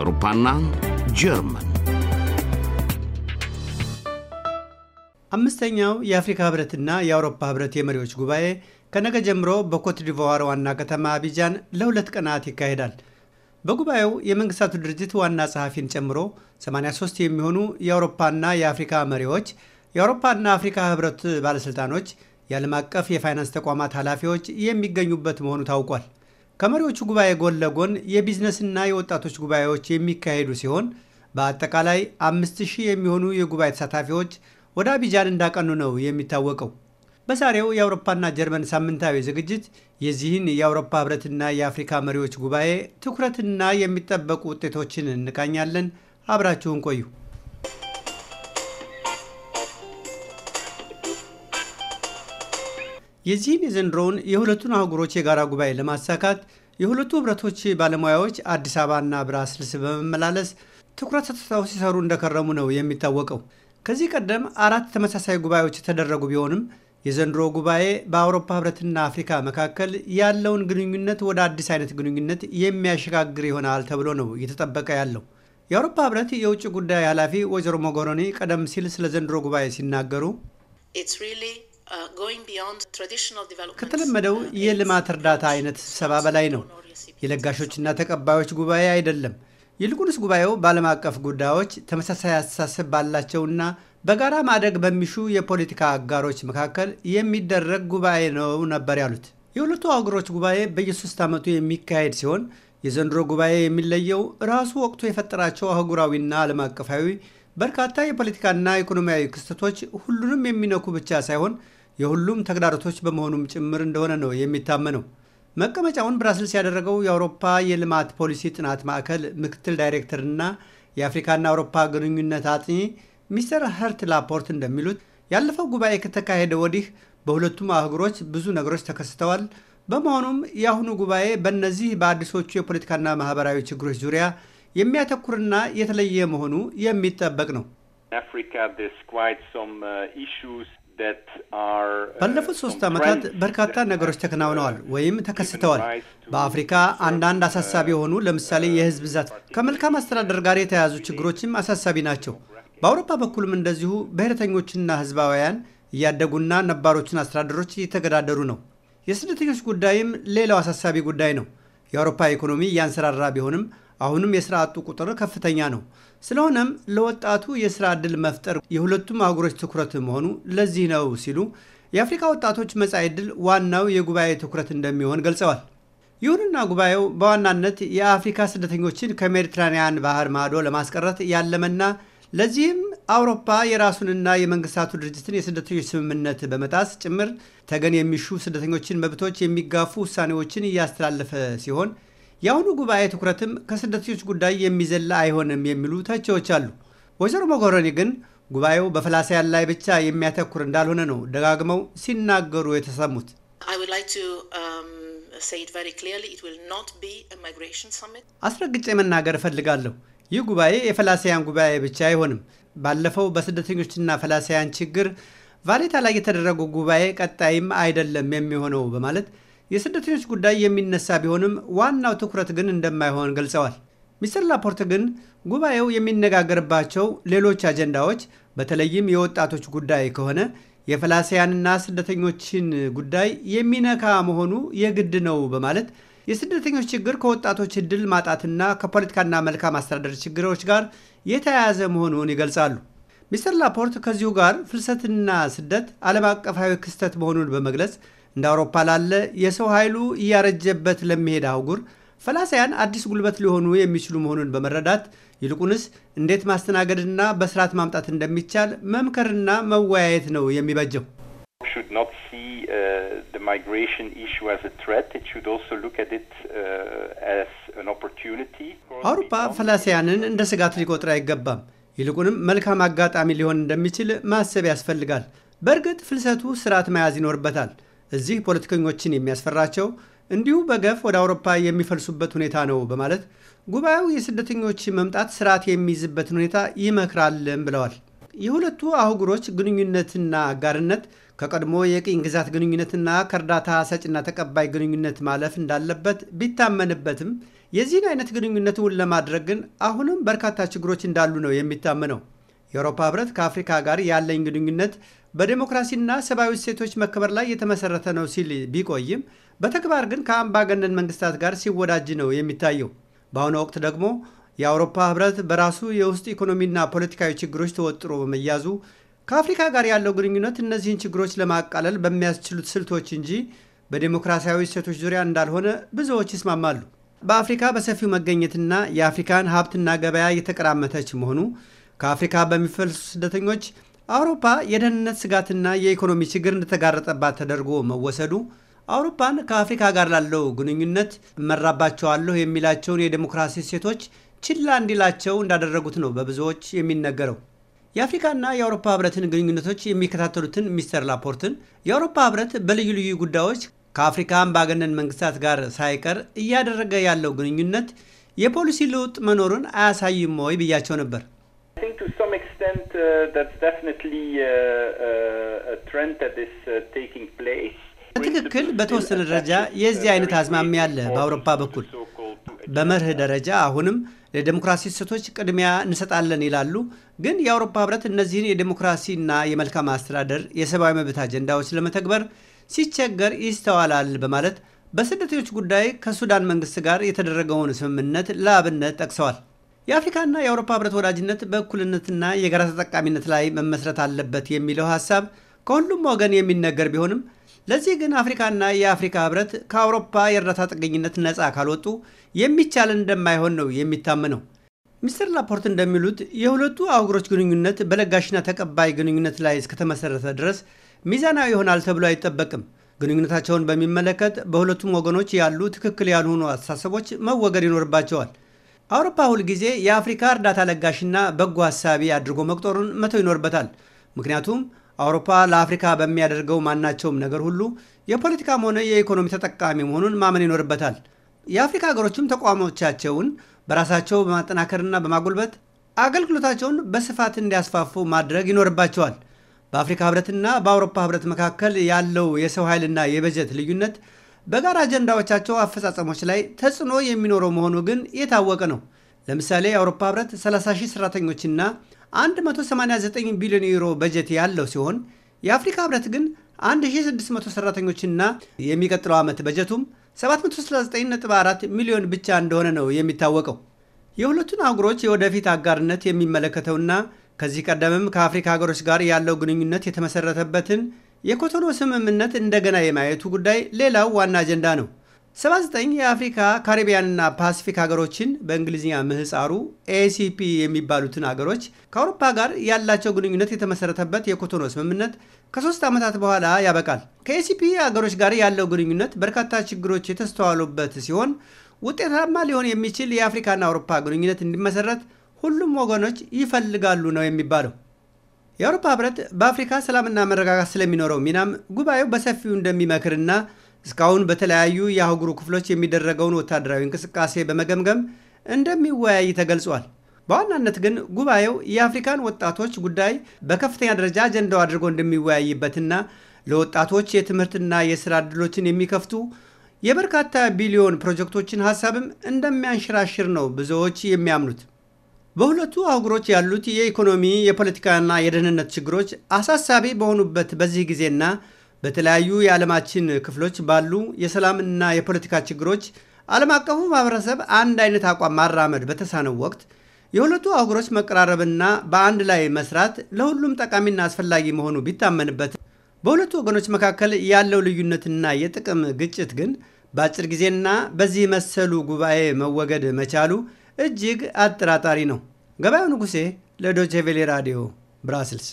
አውሮፓና ጀርመን አምስተኛው የአፍሪካ ህብረትና የአውሮፓ ህብረት የመሪዎች ጉባኤ ከነገ ጀምሮ በኮትዲቫር ዋና ከተማ አቢጃን ለሁለት ቀናት ይካሄዳል። በጉባኤው የመንግስታቱ ድርጅት ዋና ጸሐፊን ጨምሮ 83 የሚሆኑ የአውሮፓና የአፍሪካ መሪዎች፣ የአውሮፓና አፍሪካ ህብረት ባለሥልጣኖች የዓለም አቀፍ የፋይናንስ ተቋማት ኃላፊዎች የሚገኙበት መሆኑ ታውቋል። ከመሪዎቹ ጉባኤ ጎን ለጎን የቢዝነስና የወጣቶች ጉባኤዎች የሚካሄዱ ሲሆን በአጠቃላይ አምስት ሺህ የሚሆኑ የጉባኤ ተሳታፊዎች ወደ አቢጃን እንዳቀኑ ነው የሚታወቀው። በዛሬው የአውሮፓና ጀርመን ሳምንታዊ ዝግጅት የዚህን የአውሮፓ ህብረትና የአፍሪካ መሪዎች ጉባኤ ትኩረትና የሚጠበቁ ውጤቶችን እንቃኛለን። አብራችሁን ቆዩ። የዚህን የዘንድሮውን የሁለቱን አህጉሮች የጋራ ጉባኤ ለማሳካት የሁለቱ ህብረቶች ባለሙያዎች አዲስ አበባና ብራስልስ በመመላለስ ትኩረት ሰጥተው ሲሰሩ እንደከረሙ ነው የሚታወቀው። ከዚህ ቀደም አራት ተመሳሳይ ጉባኤዎች የተደረጉ ቢሆንም የዘንድሮ ጉባኤ በአውሮፓ ህብረትና አፍሪካ መካከል ያለውን ግንኙነት ወደ አዲስ አይነት ግንኙነት የሚያሸጋግር ይሆናል ተብሎ ነው እየተጠበቀ ያለው። የአውሮፓ ህብረት የውጭ ጉዳይ ኃላፊ ወይዘሮ ሞጎሮኒ ቀደም ሲል ስለ ዘንድሮ ጉባኤ ሲናገሩ Uh, ከተለመደው uh, የልማት እርዳታ አይነት ስብሰባ በላይ ነው። የለጋሾችና ተቀባዮች ጉባኤ አይደለም። ይልቁንስ ጉባኤው በዓለም አቀፍ ጉዳዮች ተመሳሳይ አስተሳሰብ ባላቸውና በጋራ ማደግ በሚሹ የፖለቲካ አጋሮች መካከል የሚደረግ ጉባኤ ነው ነበር ያሉት። የሁለቱ አገሮች ጉባኤ በየሶስት ዓመቱ የሚካሄድ ሲሆን የዘንድሮ ጉባኤ የሚለየው ራሱ ወቅቱ የፈጠራቸው አህጉራዊና ዓለም አቀፋዊ በርካታ የፖለቲካና ኢኮኖሚያዊ ክስተቶች ሁሉንም የሚነኩ ብቻ ሳይሆን የሁሉም ተግዳሮቶች በመሆኑም ጭምር እንደሆነ ነው የሚታመነው። መቀመጫውን ብራስልስ ያደረገው የአውሮፓ የልማት ፖሊሲ ጥናት ማዕከል ምክትል ዳይሬክተርና የአፍሪካና አውሮፓ ግንኙነት አጥኚ ሚስተር ሀርት ላፖርት እንደሚሉት ያለፈው ጉባኤ ከተካሄደ ወዲህ በሁለቱም አህጉሮች ብዙ ነገሮች ተከስተዋል። በመሆኑም የአሁኑ ጉባኤ በእነዚህ በአዲሶቹ የፖለቲካና ማህበራዊ ችግሮች ዙሪያ የሚያተኩርና የተለየ መሆኑ የሚጠበቅ ነው። Uh, ባለፉት ሶስት ዓመታት በርካታ ነገሮች ተከናውነዋል ወይም ተከስተዋል። በአፍሪካ አንዳንድ አሳሳቢ የሆኑ ለምሳሌ uh, የህዝብ ብዛት፣ ከመልካም አስተዳደር ጋር የተያያዙ ችግሮችም አሳሳቢ ናቸው። በአውሮፓ በኩልም እንደዚሁ ብሔረተኞችና ህዝባውያን እያደጉና ነባሮችን አስተዳደሮች እየተገዳደሩ ነው። የስደተኞች ጉዳይም ሌላው አሳሳቢ ጉዳይ ነው። የአውሮፓ ኢኮኖሚ እያንሰራራ ቢሆንም አሁንም የስራ አጡ ቁጥር ከፍተኛ ነው። ስለሆነም ለወጣቱ የስራ ዕድል መፍጠር የሁለቱም አህጉሮች ትኩረት መሆኑ ለዚህ ነው ሲሉ የአፍሪካ ወጣቶች መጻኢ ዕድል ዋናው የጉባኤ ትኩረት እንደሚሆን ገልጸዋል። ይሁንና ጉባኤው በዋናነት የአፍሪካ ስደተኞችን ከሜዲትራኒያን ባህር ማዶ ለማስቀረት ያለመና ለዚህም አውሮፓ የራሱንና የመንግስታቱ ድርጅትን የስደተኞች ስምምነት በመጣስ ጭምር ተገን የሚሹ ስደተኞችን መብቶች የሚጋፉ ውሳኔዎችን እያስተላለፈ ሲሆን የአሁኑ ጉባኤ ትኩረትም ከስደተኞች ጉዳይ የሚዘላ አይሆንም የሚሉ ተቺዎች አሉ። ወይዘሮ ሞጎረኒ ግን ጉባኤው በፈላሳያን ላይ ብቻ የሚያተኩር እንዳልሆነ ነው ደጋግመው ሲናገሩ የተሰሙት። um, አስረግጬ መናገር እፈልጋለሁ። ይህ ጉባኤ የፈላሳያን ጉባኤ ብቻ አይሆንም። ባለፈው በስደተኞችና ፈላሳያን ችግር ቫሌታ ላይ የተደረገው ጉባኤ ቀጣይም አይደለም የሚሆነው በማለት የስደተኞች ጉዳይ የሚነሳ ቢሆንም ዋናው ትኩረት ግን እንደማይሆን ገልጸዋል። ሚስተር ላፖርት ግን ጉባኤው የሚነጋገርባቸው ሌሎች አጀንዳዎች በተለይም የወጣቶች ጉዳይ ከሆነ የፈላሲያንና ስደተኞችን ጉዳይ የሚነካ መሆኑ የግድ ነው በማለት የስደተኞች ችግር ከወጣቶች እድል ማጣትና ከፖለቲካና መልካም አስተዳደር ችግሮች ጋር የተያያዘ መሆኑን ይገልጻሉ። ሚስተር ላፖርት ከዚሁ ጋር ፍልሰትና ስደት ዓለም አቀፋዊ ክስተት መሆኑን በመግለጽ እንደ አውሮፓ ላለ የሰው ኃይሉ እያረጀበት ለሚሄድ አህጉር ፈላሳያን አዲስ ጉልበት ሊሆኑ የሚችሉ መሆኑን በመረዳት ይልቁንስ እንዴት ማስተናገድና በስርዓት ማምጣት እንደሚቻል መምከርና መወያየት ነው የሚበጀው። uh, uh, አውሮፓ ፈላሲያንን እንደ ስጋት ሊቆጥር አይገባም። ይልቁንም መልካም አጋጣሚ ሊሆን እንደሚችል ማሰብ ያስፈልጋል። በእርግጥ ፍልሰቱ ስርዓት መያዝ ይኖርበታል። እዚህ ፖለቲከኞችን የሚያስፈራቸው እንዲሁ በገፍ ወደ አውሮፓ የሚፈልሱበት ሁኔታ ነው በማለት ጉባኤው የስደተኞች መምጣት ስርዓት የሚይዝበትን ሁኔታ ይመክራልም ብለዋል። የሁለቱ አህጉሮች ግንኙነትና አጋርነት ከቀድሞ የቅኝ ግዛት ግንኙነትና ከእርዳታ ሰጭና ተቀባይ ግንኙነት ማለፍ እንዳለበት ቢታመንበትም የዚህን አይነት ግንኙነት እውን ለማድረግ ግን አሁንም በርካታ ችግሮች እንዳሉ ነው የሚታመነው። የአውሮፓ ህብረት ከአፍሪካ ጋር ያለኝ ግንኙነት በዴሞክራሲና ሰብአዊ እሴቶች መከበር ላይ የተመሰረተ ነው ሲል ቢቆይም በተግባር ግን ከአምባገነን መንግስታት ጋር ሲወዳጅ ነው የሚታየው። በአሁኑ ወቅት ደግሞ የአውሮፓ ህብረት በራሱ የውስጥ ኢኮኖሚና ፖለቲካዊ ችግሮች ተወጥሮ በመያዙ ከአፍሪካ ጋር ያለው ግንኙነት እነዚህን ችግሮች ለማቃለል በሚያስችሉት ስልቶች እንጂ በዴሞክራሲያዊ እሴቶች ዙሪያ እንዳልሆነ ብዙዎች ይስማማሉ። በአፍሪካ በሰፊው መገኘትና የአፍሪካን ሀብትና ገበያ የተቀራመተች መሆኑ ከአፍሪካ በሚፈልሱ ስደተኞች አውሮፓ የደህንነት ስጋትና የኢኮኖሚ ችግር እንደተጋረጠባት ተደርጎ መወሰዱ አውሮፓን ከአፍሪካ ጋር ላለው ግንኙነት እመራባቸዋለሁ የሚላቸውን የዴሞክራሲ እሴቶች ችላ እንዲላቸው እንዳደረጉት ነው በብዙዎች የሚነገረው። የአፍሪካና የአውሮፓ ህብረትን ግንኙነቶች የሚከታተሉትን ሚስተር ላፖርትን የአውሮፓ ህብረት በልዩ ልዩ ጉዳዮች ከአፍሪካ አምባገነን መንግስታት ጋር ሳይቀር እያደረገ ያለው ግንኙነት የፖሊሲ ለውጥ መኖሩን አያሳይም ወይ ብያቸው ነበር። Uh, that's definitely uh, uh, a trend that is taking place. በተወሰነ ደረጃ የዚህ አይነት አዝማሚያ አለ። በአውሮፓ በኩል በመርህ ደረጃ አሁንም ለዴሞክራሲ እሴቶች ቅድሚያ እንሰጣለን ይላሉ። ግን የአውሮፓ ህብረት እነዚህን የዴሞክራሲና የመልካም አስተዳደር የሰብአዊ መብት አጀንዳዎች ለመተግበር ሲቸገር ይስተዋላል በማለት በስደተኞች ጉዳይ ከሱዳን መንግስት ጋር የተደረገውን ስምምነት ለአብነት ጠቅሰዋል። የአፍሪካና የአውሮፓ ህብረት ወዳጅነት በእኩልነትና የጋራ ተጠቃሚነት ላይ መመስረት አለበት የሚለው ሀሳብ ከሁሉም ወገን የሚነገር ቢሆንም ለዚህ ግን አፍሪካና የአፍሪካ ህብረት ከአውሮፓ የእርዳታ ጥገኝነት ነፃ ካልወጡ የሚቻል እንደማይሆን ነው የሚታመነው። ሚስተር ላፖርት እንደሚሉት የሁለቱ አህጉሮች ግንኙነት በለጋሽና ተቀባይ ግንኙነት ላይ እስከተመሰረተ ድረስ ሚዛናዊ ይሆናል ተብሎ አይጠበቅም። ግንኙነታቸውን በሚመለከት በሁለቱም ወገኖች ያሉ ትክክል ያልሆኑ አስተሳሰቦች መወገድ ይኖርባቸዋል። አውሮፓ ሁልጊዜ የአፍሪካ እርዳታ ለጋሽና በጎ ሀሳቢ አድርጎ መቁጠሩን መተው ይኖርበታል። ምክንያቱም አውሮፓ ለአፍሪካ በሚያደርገው ማናቸውም ነገር ሁሉ የፖለቲካም ሆነ የኢኮኖሚ ተጠቃሚ መሆኑን ማመን ይኖርበታል። የአፍሪካ ሀገሮችም ተቋሞቻቸውን በራሳቸው በማጠናከርና በማጎልበት አገልግሎታቸውን በስፋት እንዲያስፋፉ ማድረግ ይኖርባቸዋል። በአፍሪካ ህብረትና በአውሮፓ ህብረት መካከል ያለው የሰው ኃይልና የበጀት ልዩነት በጋራ አጀንዳዎቻቸው አፈጻጸሞች ላይ ተጽዕኖ የሚኖረው መሆኑ ግን የታወቀ ነው። ለምሳሌ የአውሮፓ ህብረት 30 ሺህ ሰራተኞችና 189 ቢሊዮን ዩሮ በጀት ያለው ሲሆን የአፍሪካ ህብረት ግን 1600 ሰራተኞችና የሚቀጥለው ዓመት በጀቱም 739.4 ሚሊዮን ብቻ እንደሆነ ነው የሚታወቀው። የሁለቱን አህጉሮች የወደፊት አጋርነት የሚመለከተውና ከዚህ ቀደምም ከአፍሪካ ሀገሮች ጋር ያለው ግንኙነት የተመሰረተበትን የኮቶኖ ስምምነት እንደገና የማየቱ ጉዳይ ሌላው ዋና አጀንዳ ነው። 79 የአፍሪካ ካሪቢያንና ፓሲፊክ ሀገሮችን በእንግሊዝኛ ምህፃሩ ኤሲፒ የሚባሉትን ሀገሮች ከአውሮፓ ጋር ያላቸው ግንኙነት የተመሰረተበት የኮቶኖ ስምምነት ከሶስት ዓመታት በኋላ ያበቃል። ከኤሲፒ ሀገሮች ጋር ያለው ግንኙነት በርካታ ችግሮች የተስተዋሉበት ሲሆን ውጤታማ ሊሆን የሚችል የአፍሪካና አውሮፓ ግንኙነት እንዲመሰረት ሁሉም ወገኖች ይፈልጋሉ ነው የሚባለው። የአውሮፓ ህብረት በአፍሪካ ሰላምና መረጋጋት ስለሚኖረው ሚናም ጉባኤው በሰፊው እንደሚመክርና እስካሁን በተለያዩ የአህጉሩ ክፍሎች የሚደረገውን ወታደራዊ እንቅስቃሴ በመገምገም እንደሚወያይ ተገልጿል። በዋናነት ግን ጉባኤው የአፍሪካን ወጣቶች ጉዳይ በከፍተኛ ደረጃ አጀንዳው አድርጎ እንደሚወያይበትና ለወጣቶች የትምህርትና የስራ ዕድሎችን የሚከፍቱ የበርካታ ቢሊዮን ፕሮጀክቶችን ሀሳብም እንደሚያንሸራሽር ነው ብዙዎች የሚያምኑት። በሁለቱ አህጉሮች ያሉት የኢኮኖሚ የፖለቲካና የደህንነት ችግሮች አሳሳቢ በሆኑበት በዚህ ጊዜና በተለያዩ የዓለማችን ክፍሎች ባሉ የሰላምና የፖለቲካ ችግሮች ዓለም አቀፉ ማህበረሰብ አንድ አይነት አቋም ማራመድ በተሳነው ወቅት የሁለቱ አህጉሮች መቀራረብና በአንድ ላይ መስራት ለሁሉም ጠቃሚና አስፈላጊ መሆኑ ቢታመንበት በሁለቱ ወገኖች መካከል ያለው ልዩነትና የጥቅም ግጭት ግን በአጭር ጊዜና በዚህ መሰሉ ጉባኤ መወገድ መቻሉ እጅግ አጠራጣሪ ነው። ገበያው ንጉሴ ለዶቼቬሌ ራዲዮ ብራስልስ